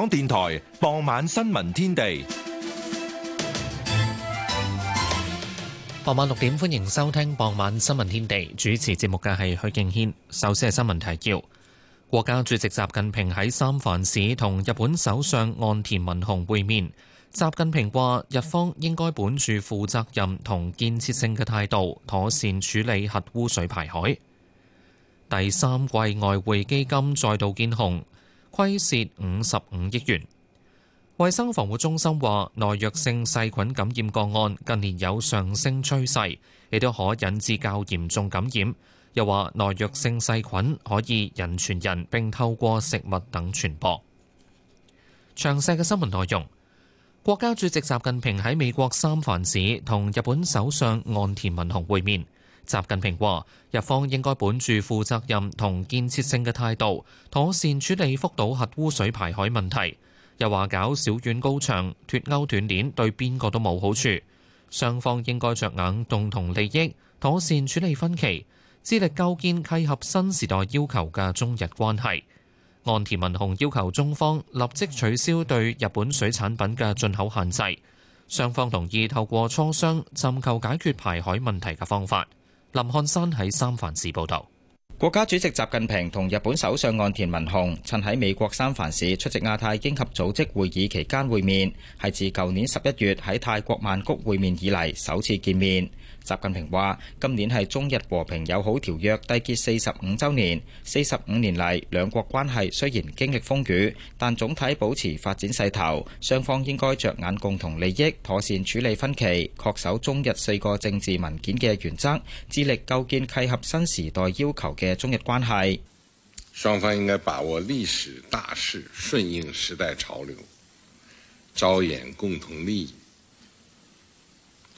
香港電台傍晚新聞天地，傍晚六點，歡迎收聽傍晚新聞天地。主持節目嘅係許敬軒。首先係新聞提要：國家主席習近平喺三藩市同日本首相岸田文雄會面。習近平話，日方應該本住負責任同建設性嘅態度，妥善處理核污水排海。第三季外匯基金再度見紅。虧蝕五十五億元。衛生防護中心話，耐藥性細菌感染個案近年有上升趨勢，亦都可引致較嚴重感染。又話，耐藥性細菌可以人傳人並透過食物等傳播。詳細嘅新聞內容，國家主席習近平喺美國三藩市同日本首相岸田文雄會面。習近平話：日方應該本住負責任同建設性嘅態度，妥善處理福島核污水排海問題。又話搞小院高牆、脫鈎斷鏈，對邊個都冇好處。雙方應該着眼共同利益，妥善處理分歧，致力構建契合新時代要求嘅中日關係。岸田文雄要求中方立即取消對日本水產品嘅進口限制。雙方同意透過磋商，尋求解決排海問題嘅方法。林漢山喺三藩市報道，國家主席習近平同日本首相岸田文雄趁喺美國三藩市出席亞太經合組織會議期間會面，係自舊年十一月喺泰國曼谷會面以嚟首次見面。習近平話：今年係中日和平友好條約締結四十五周年。四十五年嚟，兩國關係雖然經歷風雨，但總體保持發展勢頭。雙方應該着眼共同利益，妥善處理分歧，恪守中日四個政治文件嘅原則，致力構建契合新時代要求嘅中日關係。雙方應該把握歷史大勢，順應時代潮流，着眼共同利益。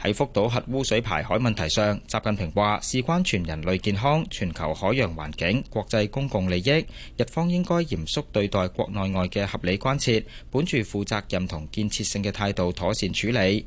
喺福島核污水排海問題上，習近平話，事關全人類健康、全球海洋環境、國際公共利益，日方應該嚴肅對待國內外嘅合理關切，本住負責任同建設性嘅態度，妥善處理。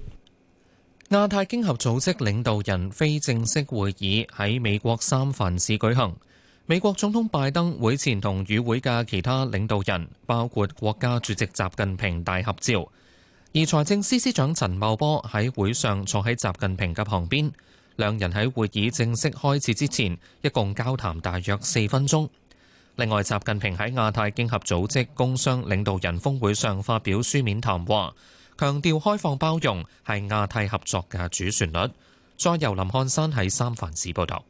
亞太經合組織領導人非正式會議喺美國，三藩市舉行。美國總統拜登會前同與會嘅其他領導人，包括國家主席習近平大合照。而財政司司長陳茂波喺會上坐喺習近平嘅旁邊，兩人喺會議正式開始之前，一共交談大約四分鐘。另外，習近平喺亞太經合組織工商領導人峰會上發表書面談話。強調開放包容係亞太合作嘅主旋律。再由林漢山喺三藩市報道。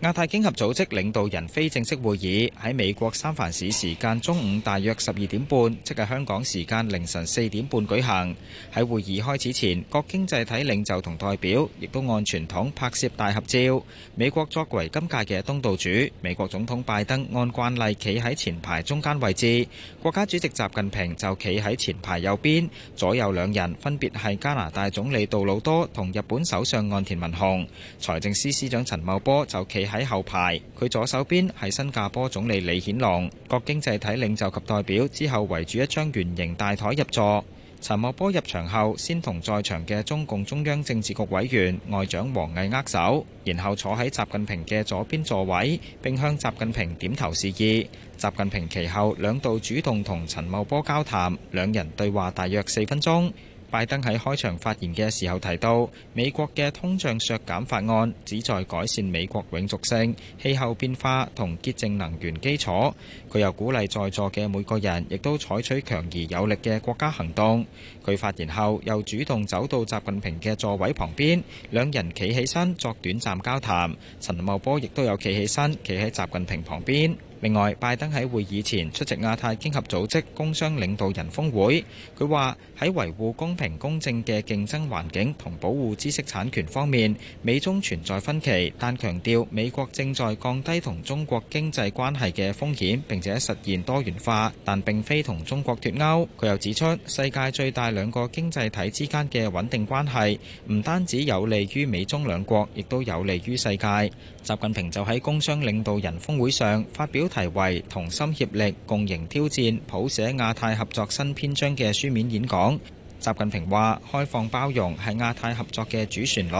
亞太經合組織領導人非正式會議喺美國三藩市時間中午大約十二點半，即係香港時間凌晨四點半舉行。喺會議開始前，各經濟體領袖同代表亦都按傳統拍攝大合照。美國作為今屆嘅東道主，美國總統拜登按慣例企喺前排中間位置，國家主席習近平就企喺前排右邊，左右兩人分別係加拿大總理杜魯多同日本首相岸田文雄，財政司司長陳茂波就企喺後排，佢左手邊係新加坡總理李顯龍，各經濟體領袖及代表之後圍住一張圓形大枱入座。陳茂波入場後，先同在場嘅中共中央政治局委員外長王毅握手，然後坐喺習近平嘅左邊座位，並向習近平點頭示意。習近平其後兩度主動同陳茂波交談，兩人對話大約四分鐘。拜登喺開場發言嘅時候提到，美國嘅通脹削減法案旨在改善美國永續性、氣候變化同潔淨能源基礎。佢又鼓勵在座嘅每個人，亦都採取強而有力嘅國家行動。佢發言後又主動走到習近平嘅座位旁邊，兩人企起身作短暫交談。陳茂波亦都有企起身，企喺習近平旁邊。另外，拜登喺會議前出席亞太經合組織工商領導人峯會，佢話喺維護公平公正嘅競爭環境同保護知識產權方面，美中存在分歧，但強調美國正在降低同中國經濟關係嘅風險，並且實現多元化，但並非同中國脱鈎。佢又指出，世界最大兩個經濟體之間嘅穩定關係，唔單止有利於美中兩國，亦都有利於世界。習近平就喺工商領導人峰會上發表題為《同心協力，共迎挑戰，譜寫亞太合作新篇章》嘅書面演講。習近平話開放包容係亞太合作嘅主旋律，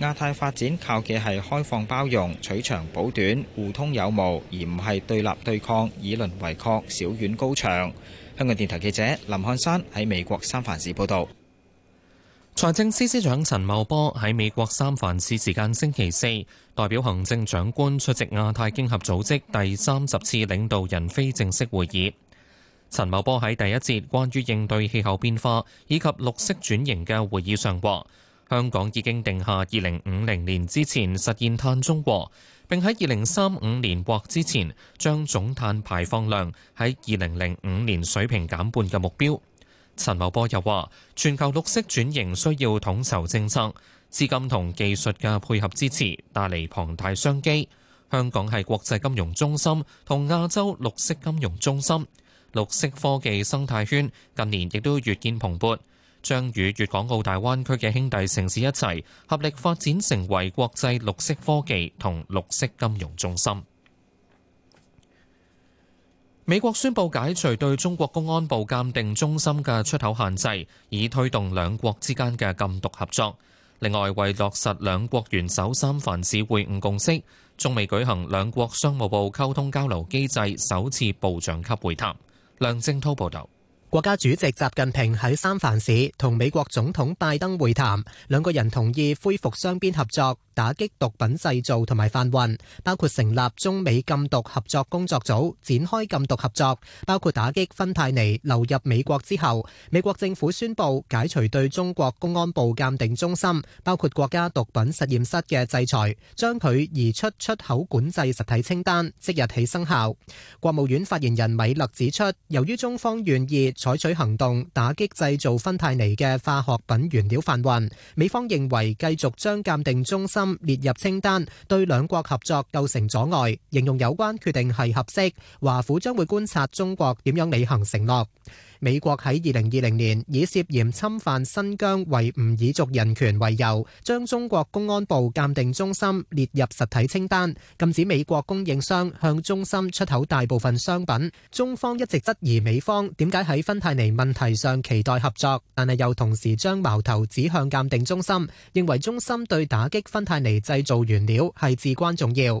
亞太發展靠嘅係開放包容，取長補短，互通有無，而唔係對立對抗，以鄰為壑，小院高牆。香港電台記者林漢山喺美國三藩市報道。財政司司長陳茂波喺美國三藩市時間星期四，代表行政長官出席亞太經合組織第三十次領導人非正式會議。陳茂波喺第一節關於應對氣候變化以及綠色轉型嘅會議上話，香港已經定下二零五零年之前實現碳中和，並喺二零三五年或之前將總碳排放量喺二零零五年水平減半嘅目標。陳茂波又話：全球綠色轉型需要統籌政策、資金同技術嘅配合支持，帶嚟龐大商機。香港係國際金融中心同亞洲綠色金融中心、綠色科技生態圈，近年亦都越見蓬勃，將與粵港澳大灣區嘅兄弟城市一齊合力發展，成為國際綠色科技同綠色金融中心。美國宣布解除對中國公安部鑑定中心嘅出口限制，以推動兩國之間嘅禁毒合作。另外，為落實兩國元首三藩市會晤共識，中美舉行兩國商務部溝通交流機制首次部長級會談。梁正滔報導。國家主席習近平喺三藩市同美國總統拜登會談，兩個人同意恢復雙邊合作，打擊毒品製造同埋販運，包括成立中美禁毒合作工作組，展開禁毒合作，包括打擊芬太尼流入美國之後，美國政府宣布解除對中國公安部鑒定中心，包括國家毒品實驗室嘅制裁，將佢移出出口管制實體清單，即日起生效。國務院發言人米勒指出，由於中方願意。採取行動打擊製造芬太尼嘅化學品原料泛濫，美方認為繼續將鑑定中心列入清單對兩國合作構成阻礙，形容有關決定係合適。華府將會觀察中國點樣履行承諾。美國喺二零二零年以涉嫌侵犯新疆維吾爾族人權為由，將中國公安部鑑定中心列入實體清單，禁止美國供應商向中心出口大部分商品。中方一直質疑美方點解喺芬太尼問題上期待合作，但係又同時將矛頭指向鑑定中心，認為中心對打擊芬太尼製造原料係至關重要。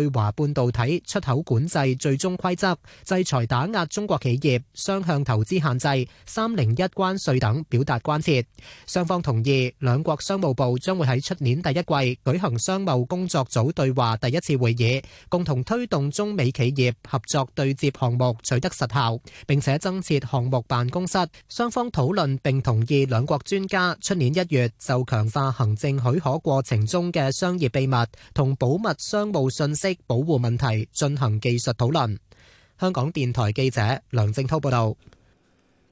對華半導體出口管制最終規則、制裁打壓中國企業、雙向投資限制、三零一關稅等表達關切。雙方同意，兩國商務部將會喺出年第一季舉行商貿工作組對話第一次會議，共同推動中美企業合作對接項目取得實效，並且增設項目辦公室。雙方討論並同意，兩國專家出年一月就強化行政許可過程中嘅商業秘密同保密商務信。即保護問題進行技術討論。香港電台記者梁正濤報道。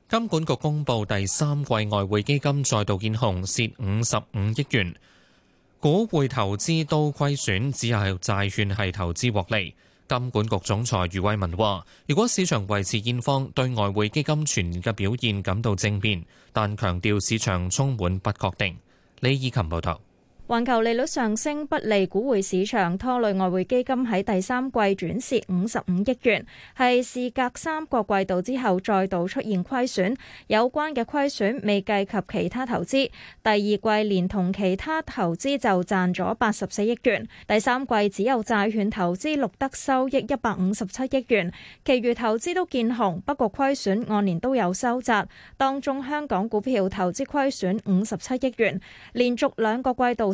金管局公布第三季外匯基金再度見紅，蝕五十五億元，股匯投資都虧損，只係債券係投資獲利。金管局總裁余偉文話。如果市場維持現況，對外匯基金全年嘅表現感到正面，但強調市場充滿不確定。李以琴報道。環球利率上升不利股匯市場，拖累外匯基金喺第三季轉蝕五十五億元，係事隔三個季度之後再度出現虧損。有關嘅虧損未計及其他投資，第二季連同其他投資就賺咗八十四億元，第三季只有債券投資錄得收益一百五十七億元，其余投資都見紅，不過虧損按年都有收窄。當中香港股票投資虧損五十七億元，連續兩個季度。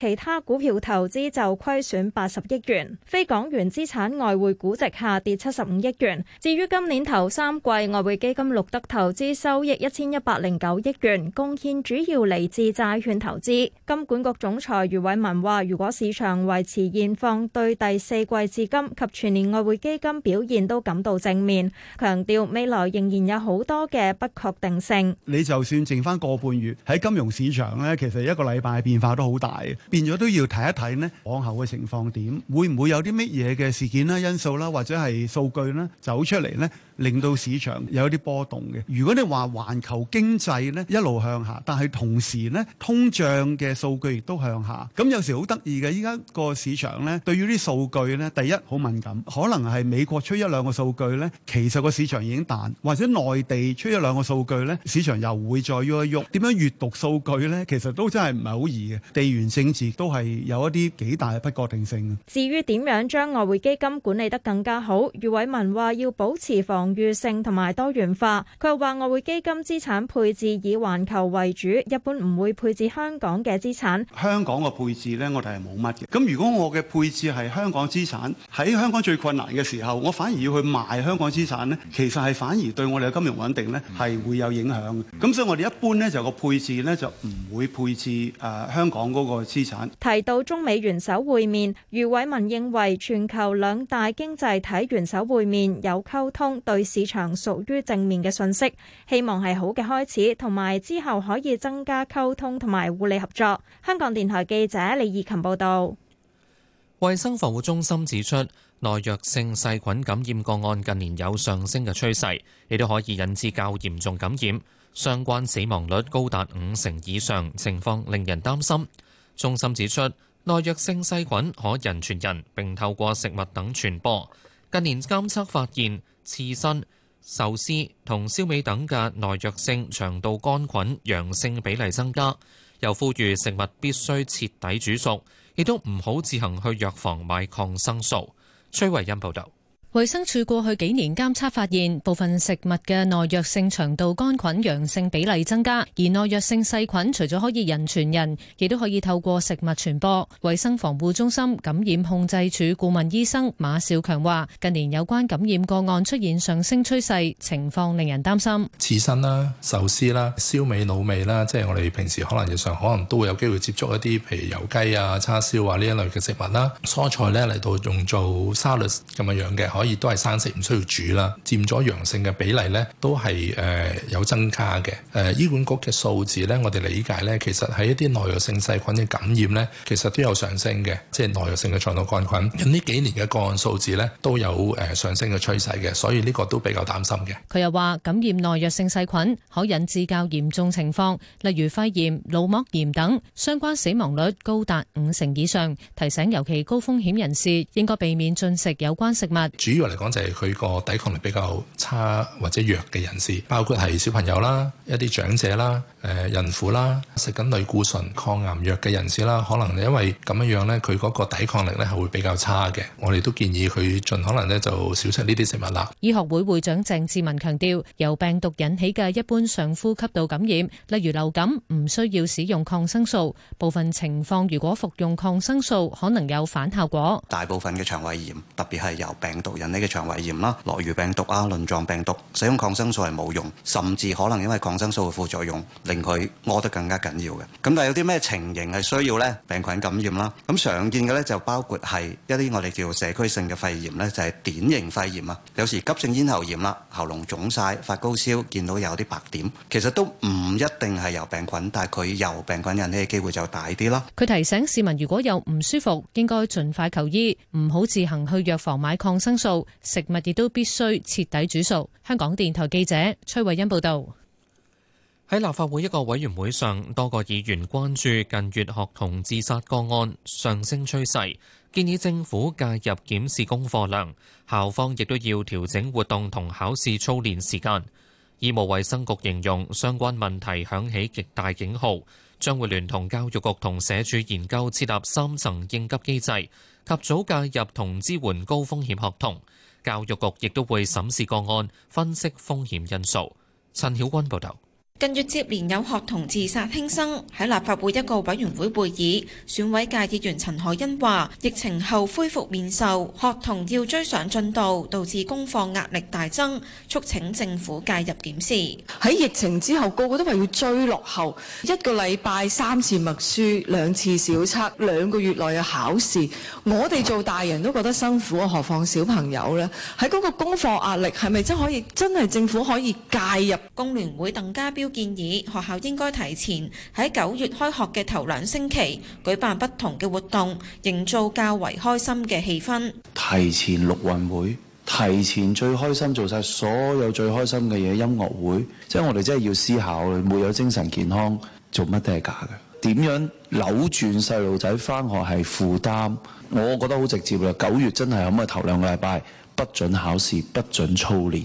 其他股票投資就虧損八十億元，非港元資產外匯估值下跌七十五億元。至於今年頭三季外匯基金錄得投資收益一千一百零九億元，貢獻主要嚟自債券投資。金管局總裁余偉文話，如果市場維持現況，對第四季至今及全年外匯基金表現都感到正面，強調未來仍然有好多嘅不確定性。你就算剩翻個半月喺金融市場呢，其實一個禮拜變化都好大。變咗都要睇一睇咧，往後嘅情況點，會唔會有啲乜嘢嘅事件啦、因素啦，或者係數據啦走出嚟咧，令到市場有一啲波動嘅。如果你話環球經濟呢一路向下，但係同時呢通脹嘅數據亦都向下。咁有時好得意嘅，依家個市場呢對於啲數據呢，第一好敏感，可能係美國出一兩個數據呢，其實個市場已經彈，或者內地出一兩個數據呢，市場又會再喐一喐。點樣閲讀數據呢？其實都真係唔係好易嘅。地緣政治都係有一啲幾大嘅不確定性。至於點樣將外匯基金管理得更加好，余偉文話要保持防。區域性同埋多元化，佢又話：外匯基金資產配置以環球為主，一般唔會配置香港嘅資產。香港嘅配置呢，我哋係冇乜嘅。咁如果我嘅配置係香港資產，喺香港最困難嘅時候，我反而要去賣香港資產呢，其實係反而對我哋嘅金融穩定呢係會有影響。咁所以我哋一般呢，就個配置呢，就唔會配置誒香港嗰個資產。提到中美元首會面，余偉文認為全球兩大經濟體元首會面有溝通對市場屬於正面嘅信息，希望係好嘅開始，同埋之後可以增加溝通同埋互利合作。香港電台記者李義琴報道。衛生防護中心指出，耐藥性細菌感染個案近年有上升嘅趨勢，亦都可以引致較嚴重感染，相關死亡率高達五成以上，情況令人擔心。中心指出，耐藥性細菌可人傳人，並透過食物等傳播。近年監測發現。刺身、壽司同燒味等嘅耐藥性腸道桿菌陽性比例增加，又呼籲食物必須徹底煮熟，亦都唔好自行去藥房買抗生素。崔慧恩報道。衛生署過去幾年監測發現，部分食物嘅耐藥性腸道桿菌陽性比例增加，而耐藥性細菌除咗可以人傳人，亦都可以透過食物傳播。衛生防護中心感染控制處顧問醫生馬少強話，近年有關感染個案出現上升趨勢，情況令人擔心。刺身啦、壽司啦、燒味滷味啦，即係我哋平時可能日常可能都會有機會接觸一啲，譬如油雞啊、叉燒啊呢一類嘅食物啦。蔬菜呢，嚟到用做沙律咁嘅樣嘅。所以都係生食唔需要煮啦，佔咗陽性嘅比例呢，都係誒有增加嘅。誒，醫管局嘅數字呢，我哋理解呢，其實喺一啲耐藥性細菌嘅感染呢，其實都有上升嘅，即係耐藥性嘅腸道桿菌。咁呢幾年嘅個案數字呢，都有誒上升嘅趨勢嘅，所以呢個都比較擔心嘅。佢又話，感染耐藥性細菌可引致較嚴重情況，例如肺炎、腦膜炎等，相關死亡率高達五成以上。提醒尤其高風險人士應該避免進食有關食物。 主要嚟講就係佢個抵抗力比較差或者弱嘅人士，包括係小朋友啦、一啲長者啦、誒孕婦啦、食緊類固醇抗癌藥嘅人士啦，可能因為咁樣樣咧，佢嗰個抵抗力咧係會比較差嘅。我哋都建議佢盡可能咧就少食呢啲食物啦。醫學會會長鄭志文強調，由病毒引起嘅一般上呼吸道感染，例如流感，唔需要使用抗生素。部分情況如果服用抗生素，可能有反效果。大部分嘅腸胃炎，特別係由病毒。人呢嘅腸胃炎啦、諾如病毒啊、輪狀病毒，使用抗生素係冇用，甚至可能因為抗生素嘅副作用，令佢屙得更加緊要嘅。咁但係有啲咩情形係需要呢？病菌感染啦，咁常見嘅咧就包括係一啲我哋叫社區性嘅肺炎咧，就係典型肺炎啊。有時急性咽喉炎啦，喉嚨腫晒、發高燒，見到有啲白點，其實都唔一定係由病菌，但係佢由病菌引起嘅機會就大啲啦。佢提醒市民，如果有唔舒服，應該盡快求醫，唔好自行去藥房買抗生素。食物亦都必須徹底煮熟。香港電台記者崔慧欣報道：喺立法會一個委員會上，多個議員關注近月學童自殺個案上升趨勢，建議政府介入檢視功課量，校方亦都要調整活動同考試操練時間。醫務衛生局形容相關問題響起極大警號。將會聯同教育局同社署研究設立三層應急機制，及早介入同支援高風險學童。教育局亦都會審視個案，分析風險因素。陳曉君報導。近月接連有學童自殺輕生，喺立法會一個委員會會議，選委界議員陳凱欣話：疫情後恢復面授，學童要追上進度，導致功課壓力大增，促請政府介入檢視。喺疫情之後，個個都話要追落後，一個禮拜三次默書，兩次小測，兩個月內有考試，我哋做大人都覺得辛苦啊，何況小朋友呢？喺嗰個功課壓力係咪真可以真係政府可以介入？工聯會鄧家彪。建議學校應該提前喺九月開學嘅頭兩星期舉辦不同嘅活動，營造較為開心嘅氣氛。提前陸運會，提前最開心做晒所有最開心嘅嘢，音樂會。即係我哋真係要思考，你沒有精神健康，做乜都係假嘅。點樣扭轉細路仔返學係負擔？我覺得好直接啦，九月真係咁嘅頭兩個禮拜，不准考試，不准操練。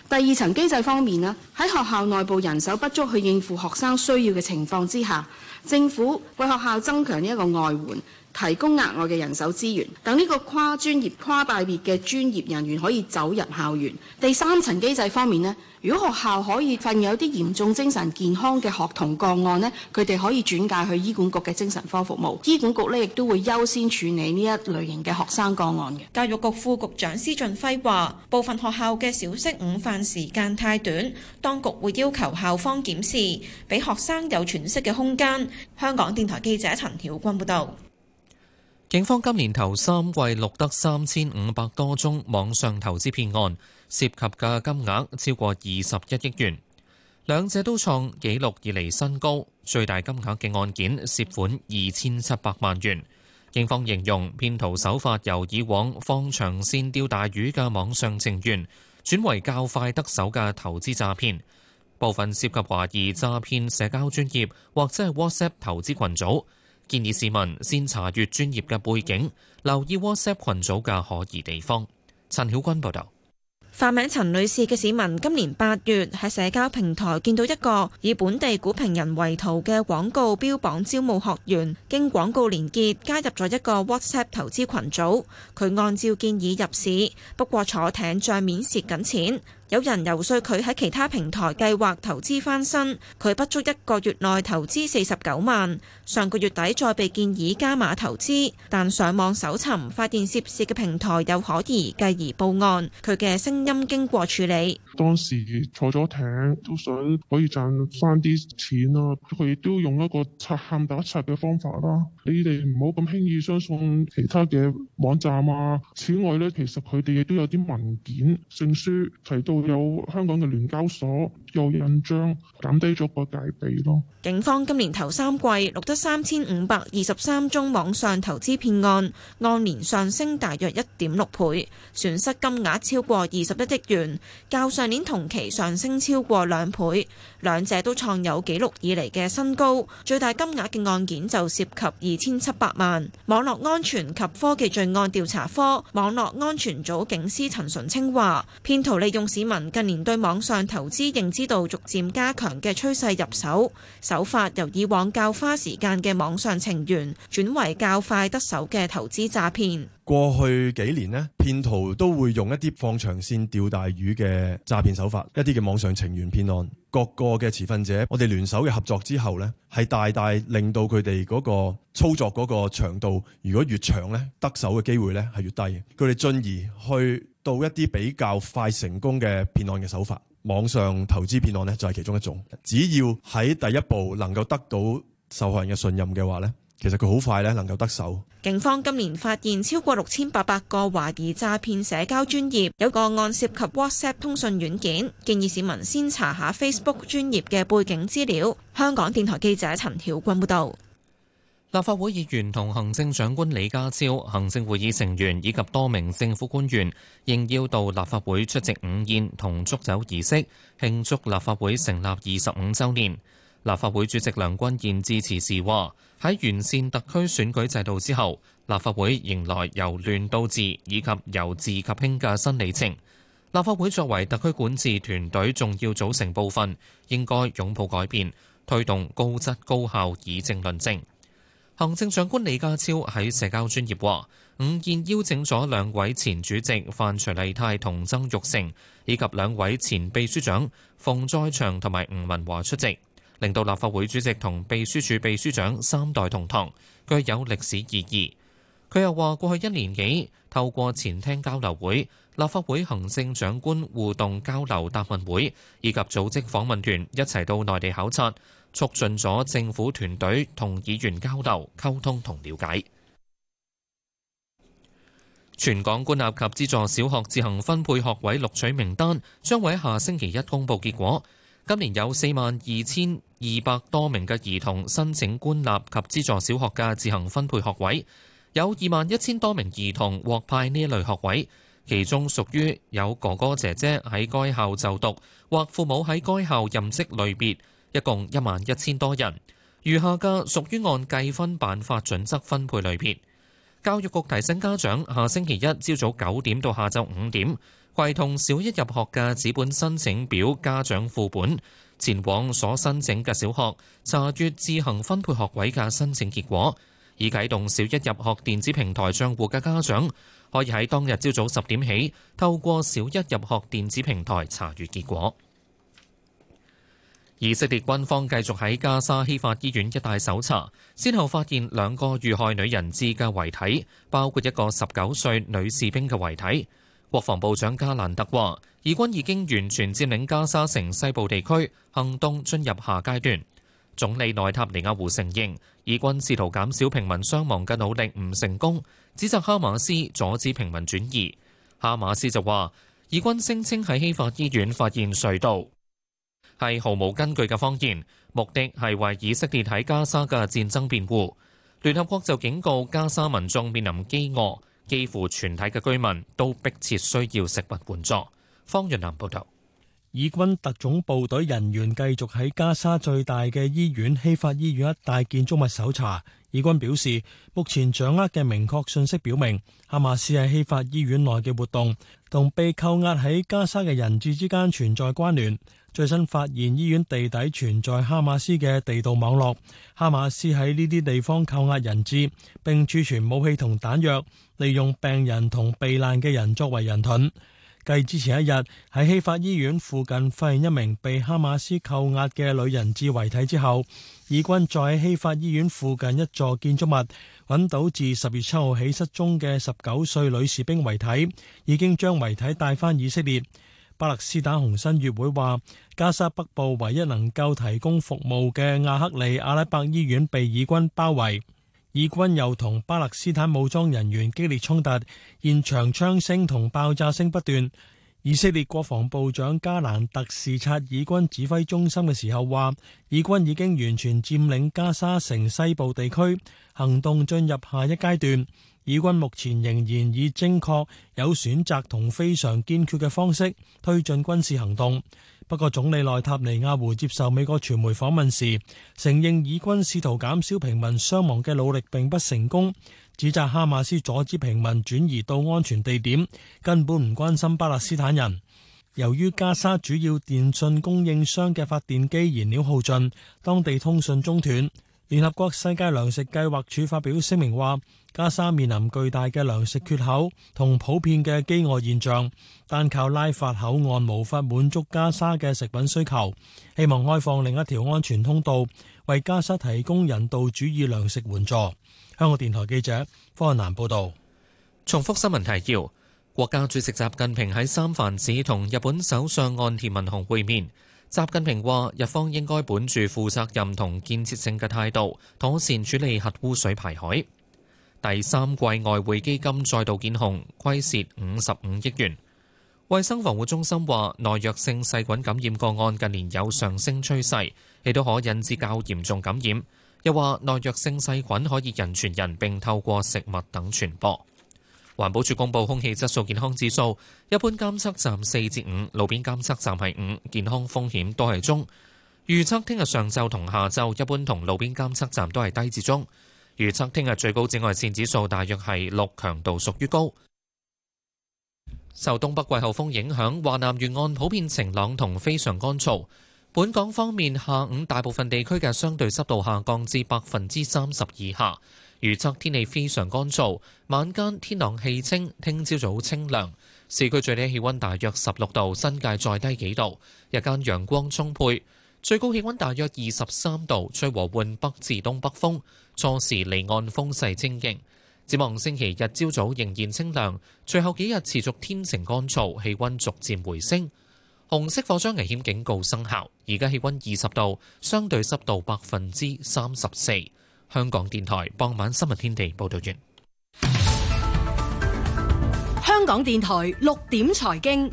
第二層機制方面咧，喺學校內部人手不足去應付學生需要嘅情況之下，政府為學校增強呢一個外援，提供額外嘅人手資源，等呢個跨專業、跨界別嘅專業人員可以走入校園。第三層機制方面咧，如果學校可以發現有啲嚴重精神健康嘅學童個案咧，佢哋可以轉介去醫管局嘅精神科服務，醫管局咧亦都會優先處理呢一類型嘅學生個案嘅。教育局副局長施俊輝話，部分學校嘅小息午飯。時間太短，當局會要求校方檢視，俾學生有喘息嘅空間。香港電台記者陳曉君報道，警方今年頭三季錄得三千五百多宗網上投資騙案，涉及嘅金額超過二十一億元，兩者都創紀錄以嚟新高。最大金額嘅案件涉款二千七百萬元。警方形容騙徒手法由以往放長線釣大魚嘅網上情緣。轉為較快得手嘅投資詐騙，部分涉及懷疑詐騙社交專業或者係 WhatsApp 投資群組，建議市民先查閲專業嘅背景，留意 WhatsApp 群組嘅可疑地方。陳曉君報道。化名陳女士嘅市民今年八月喺社交平台見到一個以本地股評人為圖嘅廣告，標榜招募學員。經廣告連結加入咗一個 WhatsApp 投資群組，佢按照建議入市，不過坐艇賬面蝕緊錢。有人遊說佢喺其他平台計劃投資翻身，佢不足一個月內投資四十九萬，上個月底再被建議加碼投資，但上網搜尋發現涉事嘅平台又可疑，繼而報案。佢嘅聲音經過處理。當時坐咗艇都想可以賺翻啲錢啊，佢亦都用一個拆喊打拆嘅方法啦。你哋唔好咁輕易相信其他嘅網站啊。此外呢，其實佢哋亦都有啲文件、證書提到。有香港嘅聯交所。有印章，減低咗個戒備咯。警方今年頭三季錄得三千五百二十三宗網上投資騙案，按年上升大約一點六倍，損失金額超過二十一億元，較上年同期上升超過兩倍，兩者都創有紀錄以嚟嘅新高。最大金額嘅案件就涉及二千七百萬。網絡安全及科技罪案調查科，網絡安全組警司陳純清話，騙徒利用市民近年對網上投資認知。呢度逐漸加強嘅趨勢入手手法，由以往較花時間嘅網上情緣轉為較快得手嘅投資詐騙。過去幾年呢，騙徒都會用一啲放長線釣大魚嘅詐騙手法，一啲嘅網上情緣騙案。各個嘅持份者，我哋聯手嘅合作之後呢，係大大令到佢哋嗰個操作嗰個長度，如果越長呢，得手嘅機會呢係越低。佢哋進而去到一啲比較快成功嘅騙案嘅手法。網上投資騙案咧就係其中一種，只要喺第一步能夠得到受害人嘅信任嘅話咧，其實佢好快咧能夠得手。警方今年發現超過六千八百個懷疑詐騙社交專頁，有個案涉及 WhatsApp 通訊軟件，建議市民先查下 Facebook 專頁嘅背景資料。香港電台記者陳曉君報導。立法會議員同行政長官李家超、行政會議成員以及多名政府官員應邀到立法會出席午宴同祝酒儀式，慶祝立法會成立二十五週年。立法會主席梁君彥致辭時話：喺完善特區選舉制度之後，立法會迎來由亂到治以及由治及興嘅新里程。立法會作為特區管治團隊重要組成部分，應該擁抱改變，推動高質高效以政論政。行政長官李家超喺社交專業話：午宴邀請咗兩位前主席范徐麗泰同曾鈺成，以及兩位前秘書長馮載祥同埋吳文華出席，令到立法會主席同秘書處秘書長三代同堂，具有歷史意義。佢又話：過去一年幾透過前廳交流會、立法會行政長官互動交流答問會，以及組織訪問團一齊到內地考察。促進咗政府團隊同議員交流、溝通同了解。全港官立及資助小學自行分配學位錄取名單將會喺下星期一公布結果。今年有四萬二千二百多名嘅兒童申請官立及資助小學嘅自行分配學位，有二萬一千多名兒童獲派呢一類學位，其中屬於有哥哥姐姐喺該校就讀或父母喺該校任職類別。一共一萬一千多人，餘下嘅屬於按計分辦法準則分配類別。教育局提醒家長，下星期一朝早九點到下晝五點，攜同小一入學嘅紙本申請表、家長副本，前往所申請嘅小學查閱自行分配學位嘅申請結果。已啟動小一入學電子平台賬戶嘅家長可以喺當日朝早十點起，透過小一入學電子平台查閱結果。以色列軍方繼續喺加沙希法醫院一帶搜查，先後發現兩個遇害女人質嘅遺體，包括一個十九歲女士兵嘅遺體。國防部長加蘭特話，以軍已經完全佔領加沙城西部地區，行動進入下階段。總理內塔尼亞胡承認，以軍試圖減少平民傷亡嘅努力唔成功，指責哈馬斯阻止平民轉移。哈馬斯就話，以軍聲稱喺希法醫院發現隧道。係毫無根據嘅謊言，目的係為以色列喺加沙嘅戰爭辯護。聯合國就警告加沙民眾面臨飢餓，幾乎全體嘅居民都迫切需要食物援助。方潤南報導，以軍特種部隊人員繼續喺加沙最大嘅醫院希法醫院一帶建築物搜查。以軍表示，目前掌握嘅明確信息表明，哈馬斯喺希法醫院內嘅活動同被扣押喺加沙嘅人質之間存在關聯。最新發現，醫院地底存在哈馬斯嘅地道網絡，哈馬斯喺呢啲地方扣押人質並儲存武器同彈藥，利用病人同避難嘅人作為人盾。繼之前一日喺希法醫院附近發現一名被哈馬斯扣押嘅女人質遺體之後，以軍在希法醫院附近一座建築物揾到自十月七號起失蹤嘅十九歲女士兵遺體，已經將遺體帶返以色列。巴勒斯坦紅新月會話，加沙北部唯一能夠提供服務嘅阿克利阿拉伯醫院被以軍包圍。以軍又同巴勒斯坦武裝人員激烈衝突，現場槍聲同爆炸聲不斷。以色列國防部長加蘭特視察以軍指揮中心嘅時候話，以軍已經完全佔領加沙城西部地區，行動進入下一階段。以軍目前仍然以精確、有選擇同非常堅決嘅方式推進軍事行動。不過總理內塔尼亞胡接受美國傳媒訪問時，承認以軍試圖減少平民傷亡嘅努力並不成功，指責哈馬斯阻止平民轉移到安全地點，根本唔關心巴勒斯坦人。由於加沙主要電訊供應商嘅發電機燃料耗盡，當地通訊中斷。聯合國世界糧食計劃署發表聲明話，加沙面臨巨大嘅糧食缺口同普遍嘅饑餓現象，但靠拉法口岸無法滿足加沙嘅食品需求，希望開放另一條安全通道，為加沙提供人道主義糧食援助。香港電台記者方雲南報道：「重複新聞提要：國家主席習近平喺三藩市同日本首相岸田文雄會面。習近平話，日方應該本住負責任同建設性嘅態度，妥善處理核污水排海。第三季外匯基金再度見紅，虧蝕五十五億元。衛生防護中心話，耐藥性細菌感染個案近年有上升趨勢，亦都可引致較嚴重感染。又話，耐藥性細菌可以人傳人，並透過食物等傳播。環保署公布空氣質素健康指數，一般監測站四至五，路邊監測站係五，健康風險都係中。預測聽日上晝同下晝一般同路邊監測站都係低至中。預測聽日最高紫外線指數大約係六，強度屬於高。受東北季候風影響，華南沿岸普遍晴朗同非常乾燥。本港方面，下午大部分地區嘅相對濕度下降至百分之三十以下。預測天氣非常乾燥，晚間天朗氣清，聽朝早清涼，市區最低氣溫大約十六度，新界再低幾度。日間陽光充沛，最高氣溫大約二十三度，吹和緩北至東北風，初時離岸風勢清勁。展望星期日朝早，早仍然清涼，最後幾日持續天晴乾燥，氣溫逐漸回升。紅色火災危險警告生效，而家氣溫二十度，相對濕度百分之三十四。香港電台傍晚新聞天地報道完。香港電台六點財經，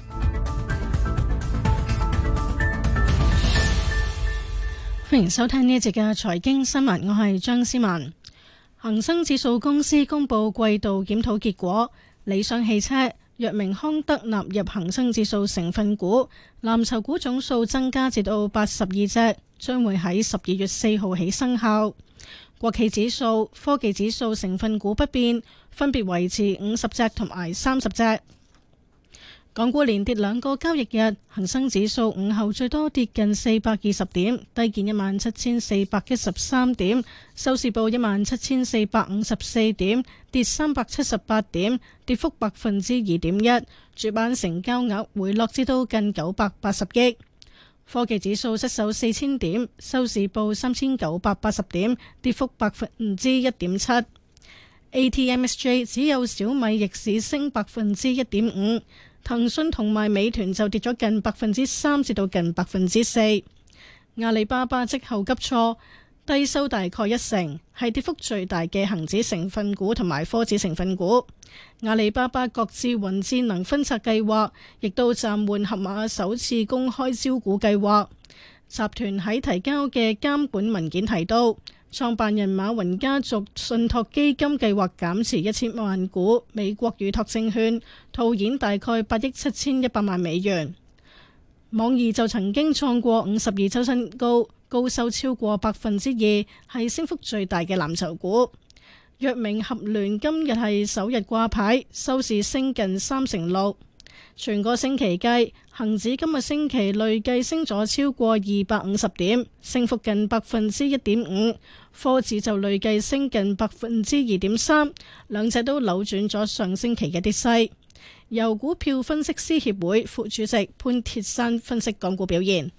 歡迎收聽呢一節嘅財經新聞。我係張思文。恒生指數公司公布季度檢討結果，理想汽車、藥明康德納入恒生指數成分股，藍籌股總數增加至到八十二隻，將會喺十二月四號起生效。國企指數、科技指數成分股不變，分別維持五十隻同埋三十隻。港股連跌兩個交易日，恒生指數午後最多跌近四百二十點，低見一萬七千四百一十三點，收市報一萬七千四百五十四點，跌三百七十八點，跌幅百分之二點一。主板成交額回落至到近九百八十億。科技指數失守四千點，收市報三千九百八十點，跌幅百分之一點七。ATM S J 只有小米逆市升百分之一點五，騰訊同埋美團就跌咗近百分之三，至到近百分之四。阿里巴巴即後急挫。低收大概一成，係跌幅最大嘅恒指成分股同埋科指成分股。阿里巴巴擱置雲智能分拆計劃亦都暫緩盒馬首次公開招股計劃。集團喺提交嘅監管文件提到，創辦人馬雲家族信託基金計劃減持一千萬股美國預託證券，套現大概八億七千一百萬美元。網易就曾經創過五十二周新高。高收超過百分之二，係升幅最大嘅藍籌股。藥明合聯今日係首日掛牌，收市升近三成六。全個星期計，恒指今個星期累計升咗超過二百五十點，升幅近百分之一點五。科指就累計升近百分之二點三，兩隻都扭轉咗上星期嘅跌勢。由股票分析師協會副主席潘鐵山分析港股表現。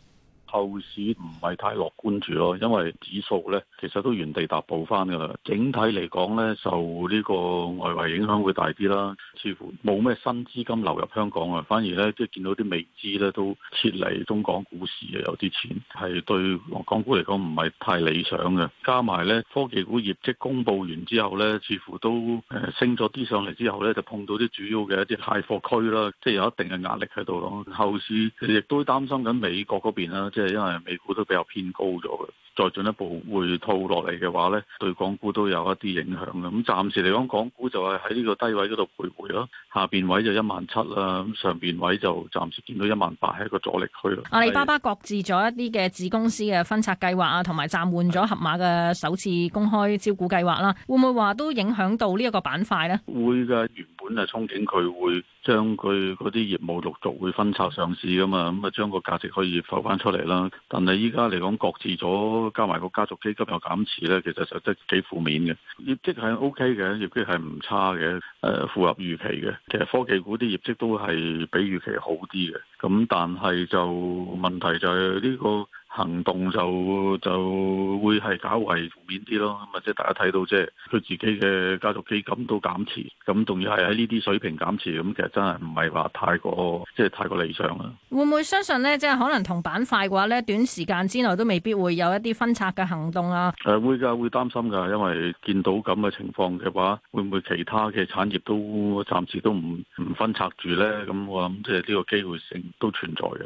後市唔係太樂觀住咯，因為指數咧其實都原地踏步翻噶啦。整體嚟講咧，受呢個外圍影響會大啲啦。似乎冇咩新資金流入香港啊，反而咧即係見到啲未知咧都撤離中港股市啊，有啲錢係對港股嚟講唔係太理想嘅。加埋咧科技股業績公佈完之後咧，似乎都誒升咗啲上嚟之後咧，就碰到啲主要嘅一啲派貨區啦，即係有一定嘅壓力喺度咯。後市亦都擔心緊美國嗰邊啦。即係因為美股都比較偏高咗嘅。再進一步回吐落嚟嘅話呢對港股都有一啲影響嘅。咁暫時嚟講，港股就係喺呢個低位嗰度徘徊咯。下邊位就一萬七啦，咁上邊位就暫時見到一萬八係一個阻力區咯。阿里巴巴擱置咗一啲嘅子公司嘅分拆計劃啊，同埋暫緩咗盒馬嘅首次公開招股計劃啦，會唔會話都影響到呢一個板塊呢？會嘅，原本啊憧憬佢會將佢嗰啲業務陸續會分拆上市噶嘛，咁啊將個價值可以浮翻出嚟啦。但係依家嚟講，擱置咗。加埋個家族基金有減持咧，其實就真幾負面嘅。業績係 OK 嘅，業績係唔、OK、差嘅，誒、呃、符合預期嘅。其實科技股啲業績都係比預期好啲嘅，咁但係就問題就係呢、這個。行動就就會係較為負面啲咯，咁啊即係大家睇到即係佢自己嘅家族基金都減持，咁仲要係喺呢啲水平減持，咁其實真係唔係話太過即係太過理想啦。會唔會相信呢？即係可能同板塊嘅話咧，短時間之內都未必會有一啲分拆嘅行動啊？誒，會㗎，會擔心㗎，因為見到咁嘅情況嘅話，會唔會其他嘅產業都暫時都唔唔分拆住咧？咁我諗即係呢個機會性都存在嘅。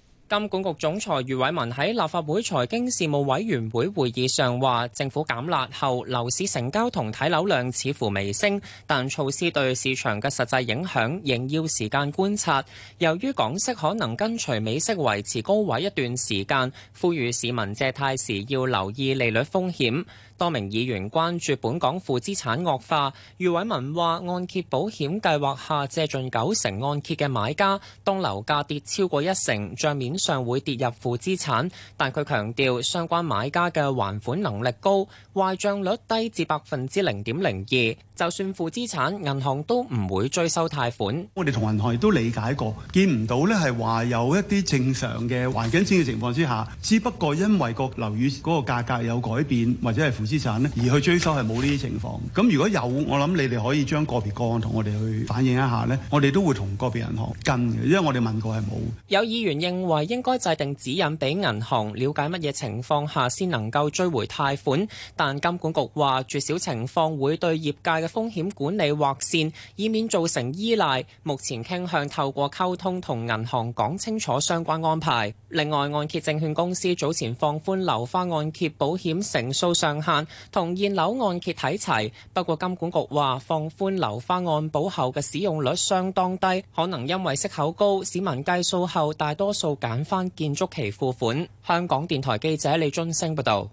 金管局總裁余偉文喺立法會財經事務委員會會議上話，政府減辣後樓市成交同睇樓量似乎微升，但措施對市場嘅實際影響仍要時間觀察。由於港息可能跟隨美息維持高位一段時間，呼籲市民借貸時要留意利率風險。多名議員關注本港負資產惡化。余偉文話：按揭保險計劃下借盡九成按揭嘅買家，當樓價跌超過一成，帳面上會跌入負資產。但佢強調，相關買家嘅還款能力高，壞帳率低至百分之零點零二。就算負資產，銀行都唔會追收貸款。我哋同銀行亦都理解過，見唔到呢係話有一啲正常嘅環境遷嘅情況之下，只不過因為個樓宇嗰個價格有改變，或者係負資。資產而去追收，係冇呢啲情況。咁如果有，我諗你哋可以將個別個案同我哋去反映一下咧。我哋都會同個別銀行跟嘅，因為我哋問過，係冇。有議員認為應該制定指引俾銀行，了解乜嘢情況下先能夠追回貸款。但金管局話，絕少情況會對業界嘅風險管理劃線，以免造成依賴。目前傾向透過溝通同銀行講清楚相關安排。另外，按揭證券公司早前放寬樓花按揭保險成數上限。同現樓按揭睇齊，不過金管局話放寬樓花按保後嘅使用率相當低，可能因為息口高，市民計數後大多數揀翻建築期付款。香港電台記者李俊升報導。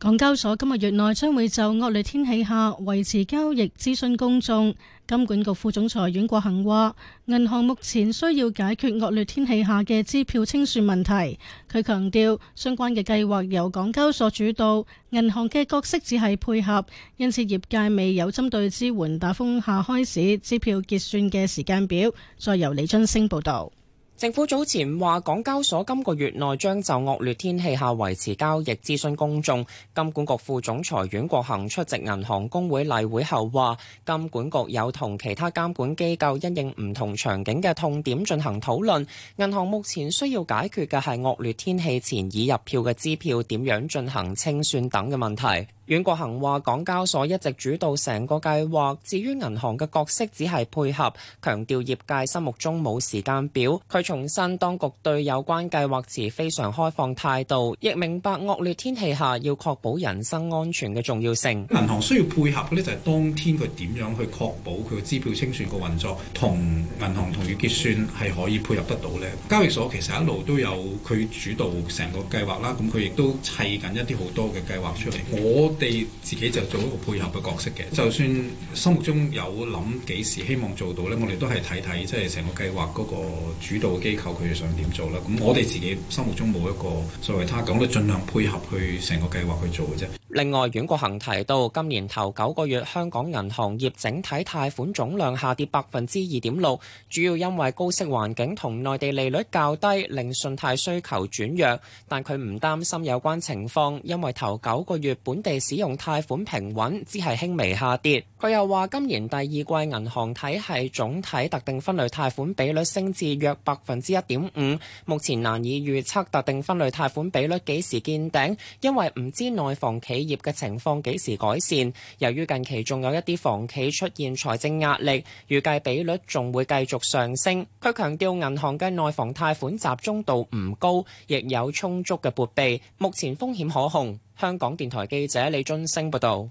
港交所今個月內將會就惡劣天氣下維持交易諮詢公眾。金管局副總裁阮國恒話，銀行目前需要解決惡劣天氣下嘅支票清算問題。佢強調，相關嘅計劃由港交所主導，銀行嘅角色只係配合。因此，業界未有針對支援打風下開市支票結算嘅時間表。再由李津升報道。政府早前話，港交所今個月內將就惡劣天氣下維持交易諮詢公眾。金管局副總裁阮國恒出席銀行公會例會後話，金管局有同其他監管機構因應唔同場景嘅痛點進行討論。銀行目前需要解決嘅係惡劣天氣前已入票嘅支票點樣進行清算等嘅問題。阮國恒話：港交所一直主導成個計劃，至於銀行嘅角色只係配合，強調業界心目中冇時間表。佢重申當局對有關計劃持非常開放態度，亦明白惡劣天氣下要確保人身安全嘅重要性。銀行需要配合呢，就係當天佢點樣去確保佢嘅支票清算個運作同銀行同業結算係可以配合得到呢。交易所其實一路都有佢主導成個計劃啦，咁佢亦都砌緊一啲好多嘅計劃出嚟。我我哋自己就做一個配合嘅角色嘅，就算心目中有諗幾時希望做到咧，我哋都係睇睇，即係成個計劃嗰個主導嘅機構佢哋想點做啦。咁我哋自己心目中冇一個所謂他講，都盡量配合去成個計劃去做嘅啫。另外，阮國恒提到，今年頭九個月香港銀行業整體貸款總量下跌百分之二點六，主要因為高息環境同內地利率較低令信貸需求轉弱。但佢唔擔心有關情況，因為頭九個月本地使用貸款平穩，只係輕微下跌。佢又話，今年第二季銀行體系總體特定分類貸款比率升至約百分之一點五。目前難以預測特定分類貸款比率幾時見頂，因為唔知內房企。企業嘅情況幾時改善？由於近期仲有一啲房企出現財政壓力，預計比率仲會繼續上升。佢強調，銀行嘅內房貸款集中度唔高，亦有充足嘅撥備，目前風險可控。香港電台記者李津升報道。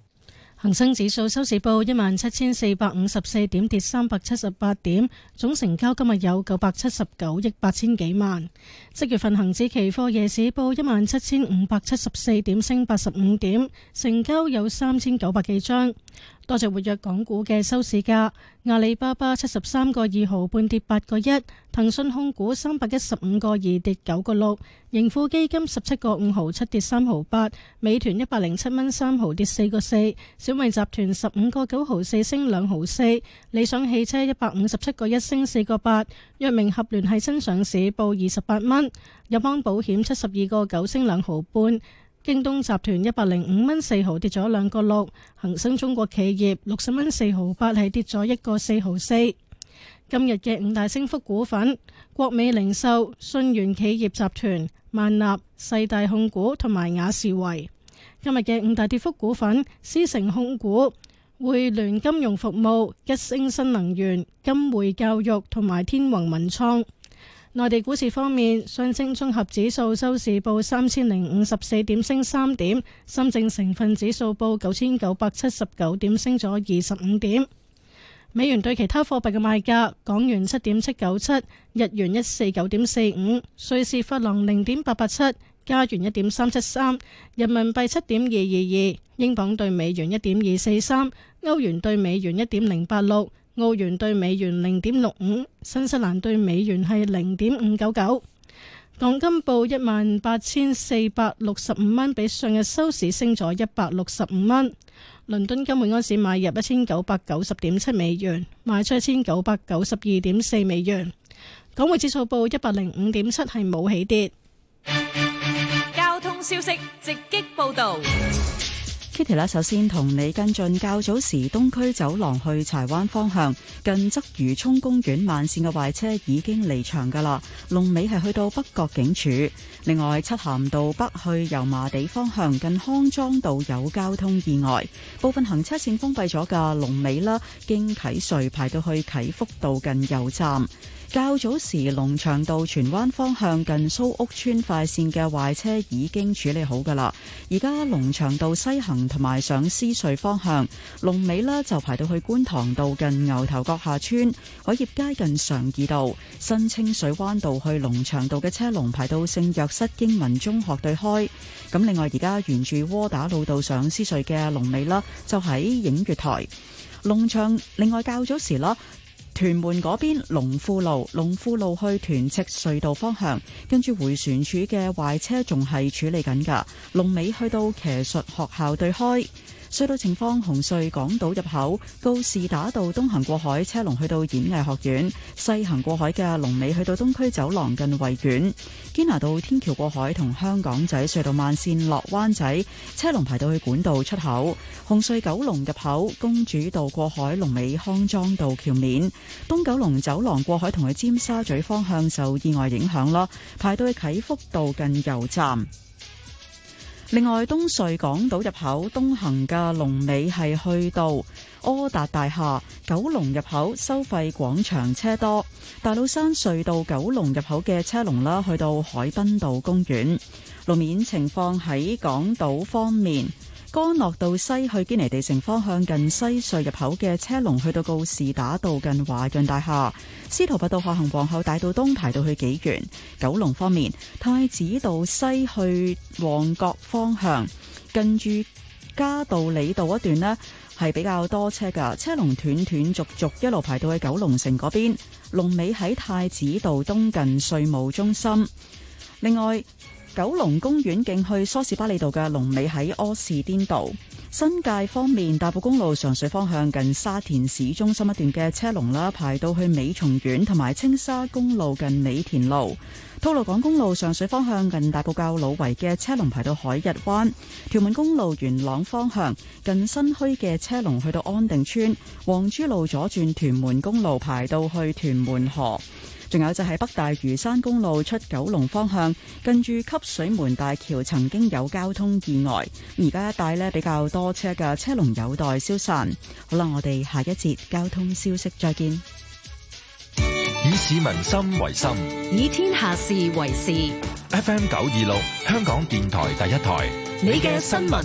恒生指數收市報一萬七千四百五十四點，跌三百七十八點，總成交今日有九百七十九億八千幾萬。七月份恒指期貨夜市報一萬七千五百七十四點，升八十五點，成交有三千九百幾張。多隻活躍港股嘅收市價，阿里巴巴七十三個二毫半跌八個一，騰訊控股三百一十五個二跌九個六，盈富基金十七個五毫七跌三毫八，美團一百零七蚊三毫跌四個四，小米集團十五個九毫四升兩毫四，理想汽車一百五十七個一升四個八，藥明合聯係新上市報二十八蚊，友邦保險七十二個九升兩毫半。京東集團一百零五蚊四毫跌咗兩個六，恒生中國企業六十蚊四毫八係跌咗一個四毫四。今日嘅五大升幅股份：國美零售、信源企業集團、萬立、世大控股同埋雅士維。今日嘅五大跌幅股份：思成控股、匯聯金融服務、吉星新能源、金匯教育同埋天宏文創。內地股市方面，上證綜合指數收市報三千零五十四點，升三點；深證成分指數報九千九百七十九點，升咗二十五點。美元對其他貨幣嘅賣價：港元七點七九七，日元一四九點四五，瑞士法郎零點八八七，加元一點三七三，人民幣七點二二二，英鎊對美元一點二四三，歐元對美元一點零八六。澳元兌美元零點六五，新西蘭兌美元係零點五九九。港金報一萬八千四百六十五蚊，比上日收市升咗一百六十五蚊。倫敦金每安士買入一千九百九十點七美元，賣出一千九百九十二點四美元。港匯指數報一百零五點七，係冇起跌。交通消息直擊報導。Kitty 啦，首先同你跟進較早時東區走廊去柴灣方向近鰂魚涌公園慢綫嘅壞車已經離場噶啦，龍尾係去到北角警署。另外，漆咸道北去油麻地方向近康莊道有交通意外，部分行車綫封閉咗噶，龍尾啦經啟隧排到去啟福道近油站。較早時，龍翔道荃灣方向近蘇屋村快線嘅壞車已經處理好噶啦。而家龍翔道西行同埋上獅隧方向龍尾呢就排到去觀塘道近牛頭角下村、偉業街近常怡道、新清水灣道去龍翔道嘅車龍排到聖若瑟英文中學對開。咁另外，而家沿住窩打老道上獅隧嘅龍尾啦，就喺映月台。龍翔另外較早時啦。屯門嗰邊龍富路，龍富路去屯赤隧道方向，跟住回旋處嘅壞車仲係處理緊㗎。龍尾去到騎術學校對開。隧道情況：紅隧港島入口告士打道東行過海車龍去到演藝學院，西行過海嘅龍尾去到東區走廊近維園；堅拿道天橋過海同香港仔隧道慢線落灣仔車龍排到去管道出口；紅隧九龍入口公主道過海龍尾康莊道橋面；東九龍走廊過海同埋尖沙咀方向受意外影響啦，排到去啟福道近油站。另外，東隧港島入口東行嘅龍尾係去到柯達大廈；九龍入口收費廣場車多；大老山隧道九龍入口嘅車龍啦，去到海濱道公園，路面情況喺港島方面。干諾道西去堅尼地城方向近西隧入口嘅車龍去到告士打道近華潤大廈，司徒拔道下行皇后大道東排到去紀元。九龍方面，太子道西去旺角方向近住嘉道理道一段呢，係比較多車噶，車龍斷斷續續一路排到去九龍城嗰邊，龍尾喺太子道東近稅務中心。另外。九龍公園徑去梳士巴利道嘅龍尾喺柯士甸道。新界方面，大埔公路上水方向近沙田市中心一段嘅車龍啦，排到去美松苑同埋青沙公路近美田路。吐露港公路上水方向近大埔滘老圍嘅車龍排到海逸灣。屯門公路元朗方向近新墟嘅車龍去到安定村。黃珠路左轉屯門公路，排到去屯門河。仲有就係北大嶼山公路出九龍方向，近住汲水門大橋，曾經有交通意外，而家一帶咧，比較多車嘅車龍有待消散。好啦，我哋下一節交通消息再見。以市民心為心，以天下事為事。FM 九二六，香港電台第一台。你嘅新聞。